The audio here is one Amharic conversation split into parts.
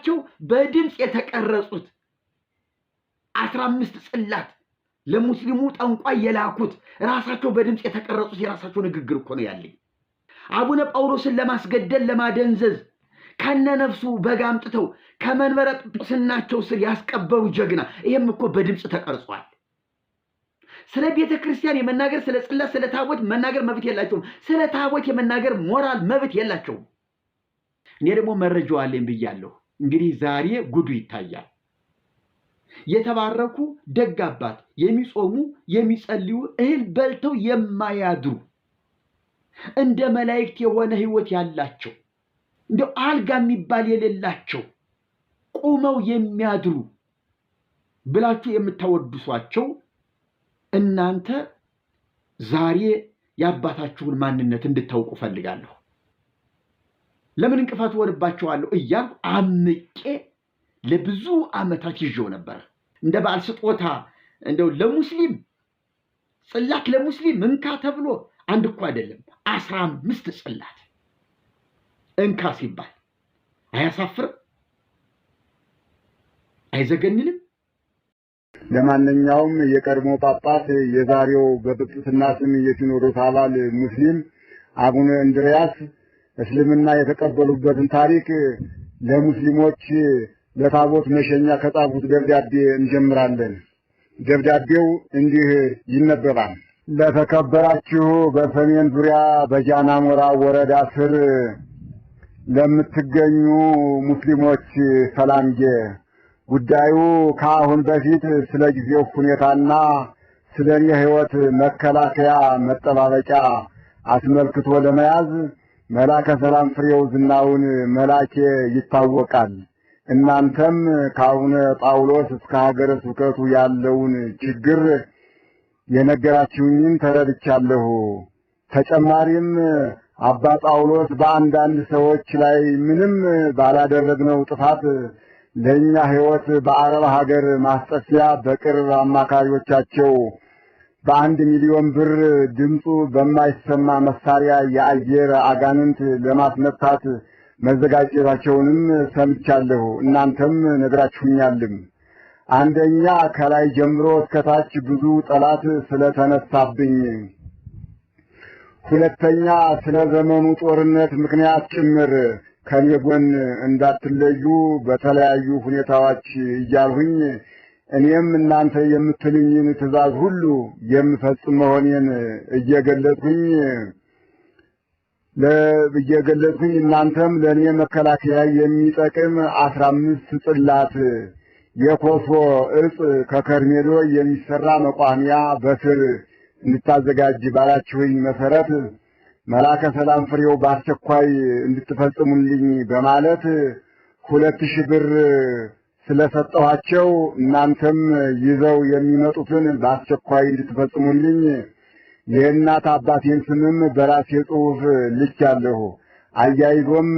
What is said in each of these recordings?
ናቸው በድምፅ የተቀረጹት አስራ አምስት ጽላት ለሙስሊሙ ጠንቋይ የላኩት ራሳቸው በድምፅ የተቀረጹት የራሳቸው ንግግር እኮ ነው ያለኝ። አቡነ ጳውሎስን ለማስገደል ለማደንዘዝ ከነ ነፍሱ በግ አምጥተው ከመንበረ ጵጵስናቸው ስር ያስቀበሩ ጀግና። ይህም እኮ በድምፅ ተቀርጿል። ስለ ቤተ ክርስቲያን የመናገር ስለ ጽላት፣ ስለ ታቦት መናገር መብት የላቸውም። ስለ ታቦት የመናገር ሞራል መብት የላቸውም። እኔ ደግሞ መረጃው ብያለሁ። እንግዲህ ዛሬ ጉዱ ይታያል። የተባረኩ ደግ አባት፣ የሚጾሙ የሚጸልዩ፣ እህል በልተው የማያድሩ እንደ መላእክት የሆነ ሕይወት ያላቸው እንደ አልጋ የሚባል የሌላቸው ቁመው የሚያድሩ ብላችሁ የምታወድሷቸው እናንተ ዛሬ የአባታችሁን ማንነት እንድታውቁ ፈልጋለሁ። ለምን እንቅፋት ሆንባቸዋለሁ እያልኩ አምቄ ለብዙ ዓመታት ይዤው ነበር። እንደ በዓል ስጦታ እንደው ለሙስሊም ጽላት ለሙስሊም እንካ ተብሎ አንድ እኮ አይደለም አስራ አምስት ጽላት እንካ ሲባል አያሳፍርም? አይዘገንንም? ለማንኛውም የቀድሞ ጳጳስ የዛሬው በጵጵስና ስም የሲኖዶስ አባል ሙስሊም አቡነ እንድርያስ እስልምና የተቀበሉበትን ታሪክ ለሙስሊሞች ለታቦት መሸኛ ከጻፉት ደብዳቤ እንጀምራለን። ደብዳቤው እንዲህ ይነበባል። ለተከበራችሁ በሰሜን ዙሪያ በጃናሞራ ወረዳ ስር ለምትገኙ ሙስሊሞች ሰላምጌ፣ ጉዳዩ ከአሁን በፊት ስለ ጊዜው ሁኔታና ስለ እኔ ሕይወት መከላከያ መጠባበቂያ አስመልክቶ ለመያዝ መላከ ሰላም ፍሬው ዝናውን መላኬ ይታወቃል። እናንተም ከአቡነ ጳውሎስ እስከ ሀገረ ስብከቱ ያለውን ችግር የነገራችሁኝን ተረድቻለሁ። ተጨማሪም አባ ጳውሎስ በአንዳንድ ሰዎች ላይ ምንም ባላደረግነው ጥፋት ለእኛ ሕይወት በአረብ ሀገር ማስጠፊያ በቅርብ አማካሪዎቻቸው በአንድ ሚሊዮን ብር ድምፁ በማይሰማ መሳሪያ የአየር አጋንንት ለማስመታት መዘጋጀታቸውንም ሰምቻለሁ። እናንተም ነግራችሁኛልም። አንደኛ ከላይ ጀምሮ እስከታች ብዙ ጠላት ስለተነሳብኝ፣ ሁለተኛ ስለ ዘመኑ ጦርነት ምክንያት ጭምር ከኔ ጎን እንዳትለዩ በተለያዩ ሁኔታዎች እያልሁኝ እኔም እናንተ የምትሉኝን ትእዛዝ ሁሉ የምፈጽም መሆኔን እየገለጥኩኝ እየገለጥኩኝ እናንተም ለእኔ መከላከያ የሚጠቅም አስራ አምስት ጽላት የኮሶ እጽ ከከርሜሎ የሚሰራ መቋሚያ በትር እንድታዘጋጅ ባላችሁኝ መሰረት መላከ ሰላም ፍሬው በአስቸኳይ እንድትፈጽሙልኝ በማለት ሁለት ሺህ ብር ስለሰጠኋቸው እናንተም ይዘው የሚመጡትን በአስቸኳይ እንድትፈጽሙልኝ የእናት አባቴን ስምም በራሴ ጽሑፍ ልኬአለሁ። አያይዞም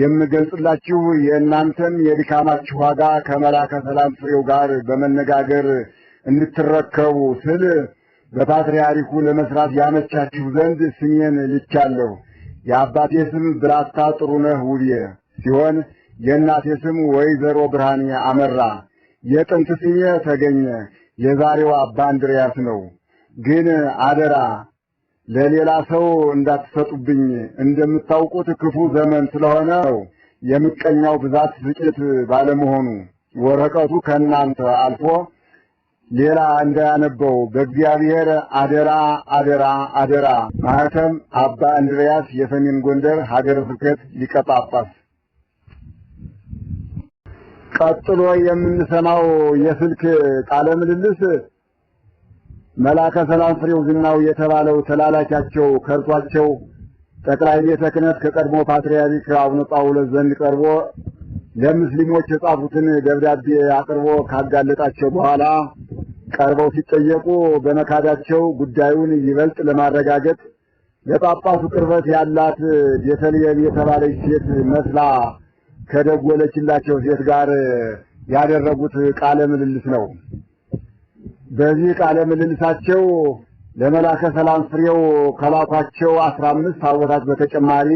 የምገልጽላችሁ የእናንተን የድካማችሁ ዋጋ ከመላከ ሰላም ፍሬው ጋር በመነጋገር እንድትረከቡ ስል በፓትርያርኩ ለመስራት ያመቻችሁ ዘንድ ስሜን ልቻለሁ። የአባቴ ስም ብላታ ጥሩነህ ውብዬ ሲሆን የእናቴ ስም ወይዘሮ ብርሃኔ አመራ፣ የጥንት ስሜ ተገኘ የዛሬው አባ እንድርያስ ነው። ግን አደራ ለሌላ ሰው እንዳትሰጡብኝ። እንደምታውቁት ክፉ ዘመን ስለሆነ ነው የምቀኛው ብዛት ጥቂት ባለመሆኑ ወረቀቱ ከእናንተ አልፎ ሌላ እንዳያነበው በእግዚአብሔር አደራ አደራ አደራ። ማህተም አባ እንድርያስ የሰሜን ጎንደር ሀገረ ስብከት ሊቀ ጳጳስ ቀጥሎ የምንሰማው የስልክ ቃለ ምልልስ መላከ ሰላም ፍሬው ዝናው የተባለው ተላላኪያቸው ከርቷቸው ጠቅላይ ቤተ ክህነት ከቀድሞ ፓትርያርክ አቡነ ጳውሎስ ዘንድ ቀርቦ ለሙስሊሞች የጻፉትን ደብዳቤ አቅርቦ ካጋለጣቸው በኋላ ቀርበው ሲጠየቁ በመካዳቸው ጉዳዩን ይበልጥ ለማረጋገጥ ለጳጳሱ ቅርበት ያላት ቤተልሔም የተባለች ሴት መስላ ከደወለችላቸው ሴት ጋር ያደረጉት ቃለ ምልልስ ነው። በዚህ ቃለ ምልልሳቸው ለመላከ ሰላም ፍሬው ከላኳቸው አስራ አምስት ታቦታት በተጨማሪ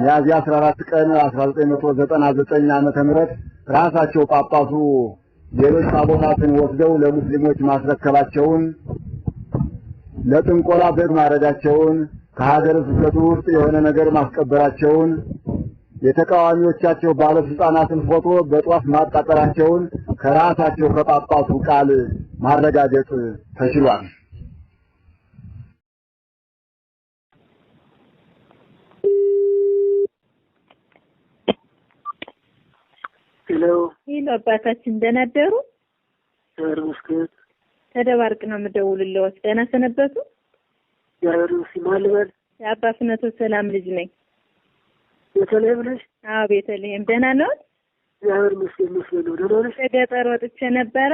ሚያዝያ 14 ቀን 1999 ዓመተ ምህረት ራሳቸው ጳጳሱ ሌሎች ታቦታትን ወስደው ለሙስሊሞች ማስረከባቸውን ለጥንቆላ በግ ማረዳቸውን ከሀገረ ስብከቱ ውስጥ የሆነ ነገር ማስቀበራቸውን የተቃዋሚዎቻቸው ባለስልጣናትን ፎቶ በጧፍ ማጣጠራቸውን ከራሳቸው ከጳጳሱ ቃል ማረጋገጥ ተችሏል። ሄሎ አባታችን ደህና አደሩ? ተደባርቅ ነው የምደውልልዎት። ደህና ሰነበቱ? እግዚአብሔር ማልበል ማን ሰላም ልጅ ነኝ። ቤተልሔም ነሽ? አዎ ቤተልሔም። ደህና ነው እግዚአብሔር ይመስገን። ይመስገን ነው። ደህና ነሽ? ከገጠር ወጥቼ ነበረ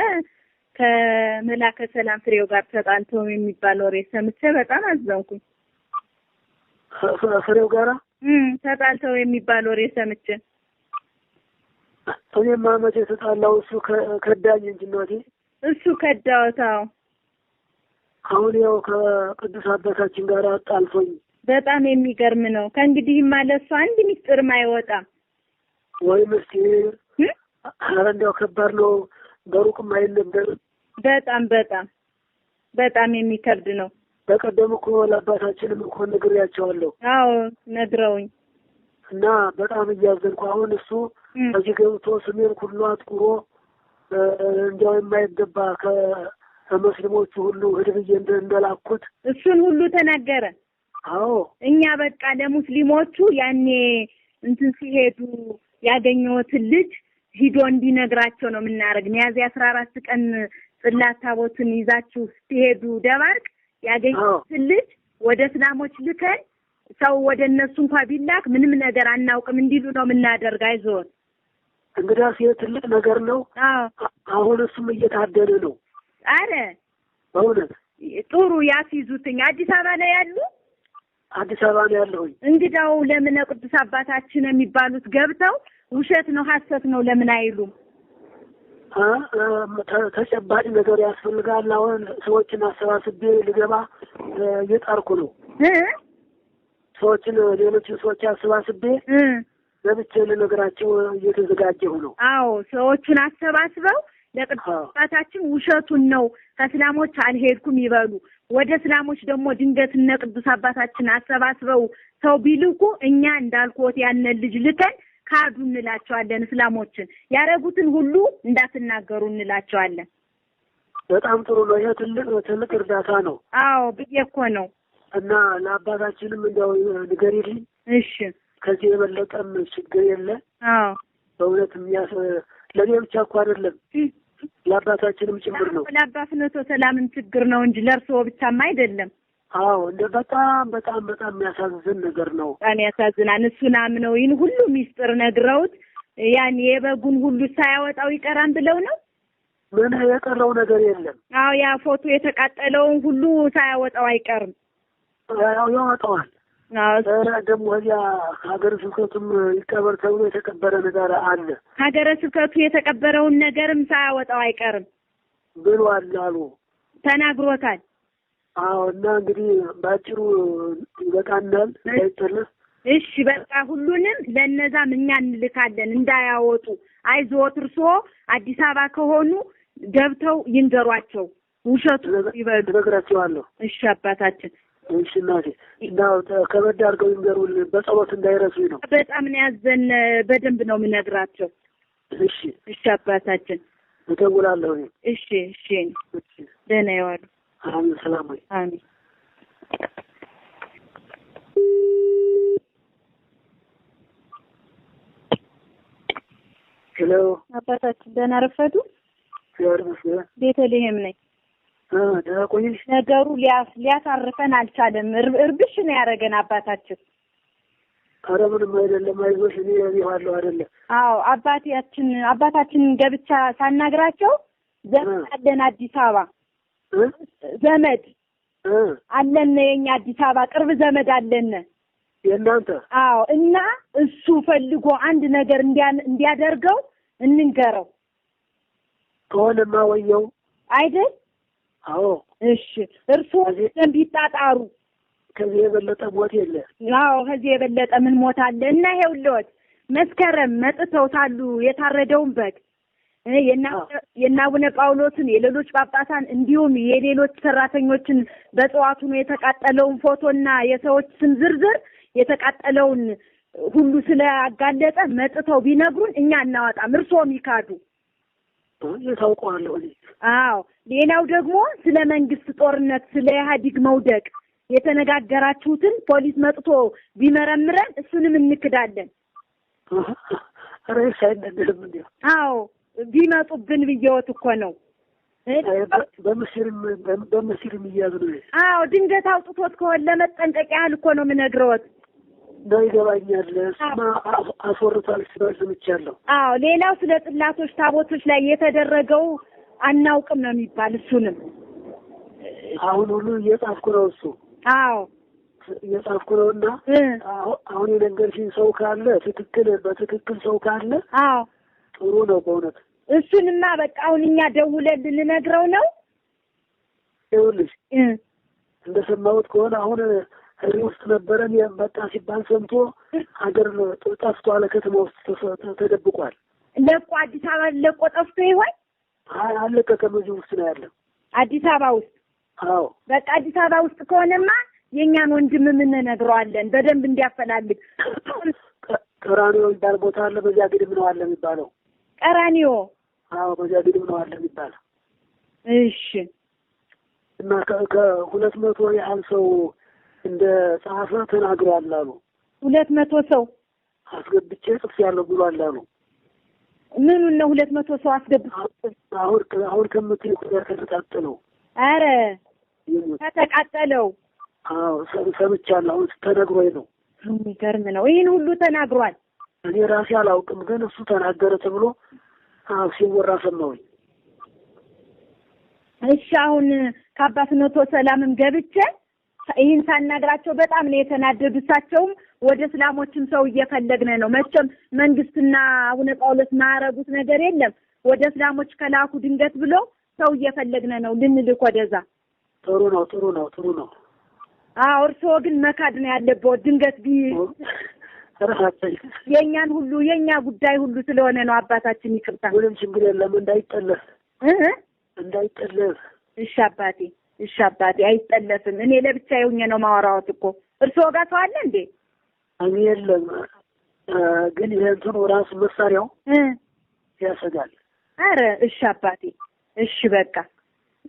ከመላከ ሰላም ፍሬው ጋር ተጣልተው የሚባል ወሬ ሰምቼ በጣም አዘንኩኝ። ፍሬው ጋራ ተጣልተው የሚባል ወሬ ሰምቼ እኔማ መቼ ተጣላው? እሱ ከዳኝ እንጂ እናቴ እሱ ከዳውታው አሁን ያው ከቅዱስ አባታችን ጋር አጣልቶኝ በጣም የሚገርም ነው። ከእንግዲህም ማለሱ አንድ ሚስጥርም አይወጣም። ወይ ምስኪን! ኧረ እንዲያው ከባድ ነው። በሩቅም አይል በጣም በጣም በጣም የሚከብድ ነው። በቀደም እኮ ለአባታችንም እኮ ነግሬያቸዋለሁ። አዎ ነግረውኝ እና በጣም እያዘንኩ አሁን እሱ እዚህ ገብቶ ስሜን ሁሉ አጥቁሮ እንዲያው የማይገባ ከመስሊሞቹ ሁሉ ህድብዬ እንደላኩት እሱን ሁሉ ተናገረ። አዎ እኛ በቃ ለሙስሊሞቹ ያኔ እንትን ሲሄዱ ያገኘሁትን ልጅ ሂዶ እንዲነግራቸው ነው የምናደርግ። ሚያዝያ አስራ አራት ቀን ጽላት ታቦትን ይዛችሁ ስትሄዱ ደባርቅ ያገኘሁትን ልጅ ወደ እስላሞች ልከን ሰው ወደ እነሱ እንኳ ቢላክ ምንም ነገር አናውቅም እንዲሉ ነው የምናደርግ። አይዞን እንግዲያስ ይሄ ትልቅ ነገር ነው። አሁን እሱም እየታደለ ነው። አረ በእውነት ጥሩ ያስይዙትኝ። አዲስ አበባ ላይ ያሉ አዲስ አበባ ነው ያለሁኝ። እንግዳው ለምን ቅዱስ አባታችን የሚባሉት ገብተው ውሸት ነው ሀሰት ነው ለምን አይሉም? ተጨባጭ ነገር ያስፈልጋል። አሁን ሰዎችን አሰባስቤ ልገባ እየጣርኩ ነው። ሰዎችን ሌሎችን ሰዎች አሰባስቤ በብቻ ልነግራቸው እየተዘጋጀሁ ነው። አዎ ሰዎቹን አሰባስበው ለቅዱስ አባታችን ውሸቱን ነው ከእስላሞች አልሄድኩም ይበሉ። ወደ እስላሞች ደግሞ ድንገት እነ ቅዱስ አባታችን አሰባስበው ሰው ቢልኩ እኛ እንዳልኩት ያንን ልጅ ልከን ካዱ እንላቸዋለን። እስላሞችን ያረጉትን ሁሉ እንዳትናገሩ እንላቸዋለን። በጣም ጥሩ ነው። ይሄ ትልቅ ትልቅ እርዳታ ነው። አዎ ብዬ እኮ ነው። እና ለአባታችንም እንዲያው ንገሪልኝ። እሺ ከዚህ የበለጠም ችግር የለ። አዎ በእውነት የሚያስ ለእኔ ብቻ እኮ አይደለም ለአባታችንም ጭምር ነው። ለአባት ሰላምን ችግር ነው እንጂ ለእርስዎ ብቻም አይደለም። አዎ እንደ በጣም በጣም በጣም የሚያሳዝን ነገር ነው። በጣም ያሳዝናል። እሱን አምነው ይህን ሁሉ ሚስጥር ነግረውት ያን የበጉን ሁሉ ሳያወጣው ይቀራን ብለው ነው። ምን የቀረው ነገር የለም። አዎ ያ ፎቶ የተቃጠለውን ሁሉ ሳያወጣው አይቀርም። ያው ያወጣዋል ደግሞ እዚያ ሀገረ ስብከቱም ይቀበር ተብሎ የተቀበረ ነገር አለ። ሀገረ ስብከቱ የተቀበረውን ነገርም ሳያወጣው አይቀርም ብሏል አሉ ተናግሮታል። አዎ እና እንግዲህ በአጭሩ ይበቃናል። ይጠለ እሺ በቃ ሁሉንም ለእነዛም እኛ እንልካለን እንዳያወጡ። አይዞት እርስዎ አዲስ አበባ ከሆኑ ገብተው ይንገሯቸው፣ ውሸቱ ይበሉ። ነግራቸዋለሁ። እሺ አባታችን እሺ እናቴ እና ከበድ አድርገው ይንገሩን፣ በጸሎት እንዳይረሱኝ ነው። በጣም ነው ያዘን። በደንብ ነው የምነግራቸው። እሺ እሺ አባታችን እደውላለሁ። እሺ እሺ ደህና ይዋሉ። አሜን። ሰላም ወይ አሜን። ሄሎ አባታችን ደህና ረፈዱ። ቤተልሔም ነኝ ቆየሽ ነገሩ ሊያሳርፈን አልቻለም። እርብሽ ነው ያደረገን አባታችን። ኧረ ምንም አይደለም፣ አይዞሽ እኔ ያለሁ አይደለም። አዎ አባታችን አባታችንን ገብቻ ሳናግራቸው ዘመድ አለን አዲስ አበባ ዘመድ አለነ የኛ አዲስ አበባ ቅርብ ዘመድ አለነ የእናንተ። አዎ እና እሱ ፈልጎ አንድ ነገር እንዲያደርገው እንንገረው ከሆነማ ወየው አይደል አዎ እሺ፣ እርስዎ ዘንድ ይጣጣሩ። ከዚህ የበለጠ ሞት የለ። አዎ ከዚህ የበለጠ ምን ሞት አለ? እና ይኸውልዎት መስከረም መጥተው ታሉ የታረደውን በግ የአቡነ ጳውሎስን የሌሎች ጳጳሳን እንዲሁም የሌሎች ሰራተኞችን በጠዋቱ ነው የተቃጠለውን ፎቶና የሰዎች ስም ዝርዝር የተቃጠለውን ሁሉ ስለአጋለጠ መጥተው ቢነግሩን እኛ እናወጣም። እርስዎም ይካዱ ታውቀዋለሁ። አዎ ሌላው ደግሞ ስለ መንግስት ጦርነት፣ ስለ ኢህአዲግ መውደቅ የተነጋገራችሁትን ፖሊስ መጥቶ ቢመረምረን እሱንም እንክዳለን። አዎ ቢመጡብን ብየወት እኮ ነው። በምስልም በምስልም ነው። አዎ ድንገት አውጥቶት ከሆን ለመጠንቀቅ ያህል እኮ ነው የምነግረወት። ነው ይገባኛል። እሱማ አስወርቷል ሲባል ስምቻለሁ። አዎ ሌላው ስለ ጥላቶች ታቦቶች ላይ የተደረገው አናውቅም ነው የሚባል። እሱንም አሁን ሁሉ እየጻፍኩ ነው። እሱ አዎ እየጻፍኩ ነው እና አሁን የነገርሽኝ ሰው ካለ ትክክል በትክክል ሰው ካለ አዎ ጥሩ ነው በእውነት። እሱንማ በቃ አሁን እኛ ደውለን ልነግረው ነው። ይኸውልሽ እንደሰማሁት ከሆነ አሁን ህሪ ውስጥ ነበረን መጣ ሲባል ሰምቶ ሀገር ጠፍቶ ከተማ ውስጥ ተደብቋል። ለቆ አዲስ አበባ ለቆ ጠፍቶ ይሆን አለቀቀም። እዚህ ውስጥ ነው ያለው አዲስ አበባ ውስጥ። አዎ በቃ አዲስ አበባ ውስጥ ከሆነማ የእኛን ወንድም የምንነግረዋለን በደንብ እንዲያፈላልግ። ቀራኒዮ የሚባል ቦታ አለ። በዚያ ግድም ነው አለ የሚባለው። ቀራኒዮ? አዎ በዚያ ግድም ነው አለ የሚባለው። እሺ እና ከሁለት መቶ ያህል ሰው እንደ ጸሐፈ ተናግሯል አሉ። ሁለት መቶ ሰው አስገብቼ ጽፌያለሁ ብሏል አሉ። ምኑን ነው ሁለት መቶ ሰው አስገብቶ አሁን አሁን ከምትልኩ ጋር ከተቃጠለው አረ ከተቃጠለው አዎ ሰምቻለሁ። አሁን ተነግሮኝ ነው። የሚገርም ነው። ይህን ሁሉ ተናግሯል። እኔ ራሴ አላውቅም፣ ግን እሱ ተናገረ ተብሎ ሲወራ ሰማሁኝ። እሺ አሁን ከአባት መቶ ሰላምም ገብቼ ይህን ሳናግራቸው በጣም ነው የተናደዱ። እሳቸውም ወደ እስላሞችም ሰው እየፈለግን ነው። መቼም መንግስትና አቡነ ጳውሎስ ማረጉት ነገር የለም። ወደ እስላሞች ከላኩ ድንገት ብሎ ሰው እየፈለግን ነው ልንልክ ወደዛ። ጥሩ ነው፣ ጥሩ ነው፣ ጥሩ ነው። አዎ እርስዎ ግን መካድ ነው ያለበው። ድንገት ቢ የእኛን ሁሉ የእኛ ጉዳይ ሁሉ ስለሆነ ነው አባታችን። ይቅርታ። ምንም ችግር የለም። እንዳይጠለፍ እንዳይጠለፍ። እሺ አባቴ፣ እሺ አባቴ፣ አይጠለፍም። እኔ ለብቻ የሆኜ ነው ማወራዎት እኮ እርስዎ ጋር ሰው አለ እንዴ? እኔ የለም ግን ይሄ እንትኑ ራሱ መሳሪያው ያሰጋል። አረ እሺ አባቴ እሺ በቃ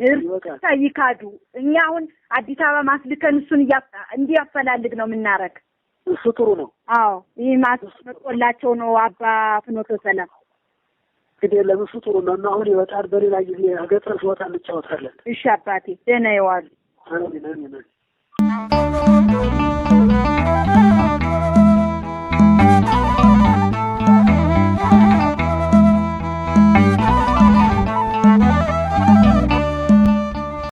እርሳ ይካዱ። እኛ አሁን አዲስ አበባ ማስልከን እሱን እንዲያፈላልግ ነው የምናረግ። እሱ ጥሩ ነው። አዎ ይህ ማስመቆላቸው ነው አባ ፍኖቶ ሰላም እንግዲህ ለምሱ ጥሩ ነው እና አሁን ይወጣል። በሌላ ጊዜ ገጠር ስወጣ እንጫወታለን። እሺ አባቴ ደህና ይዋሉ። አሜን አሜን።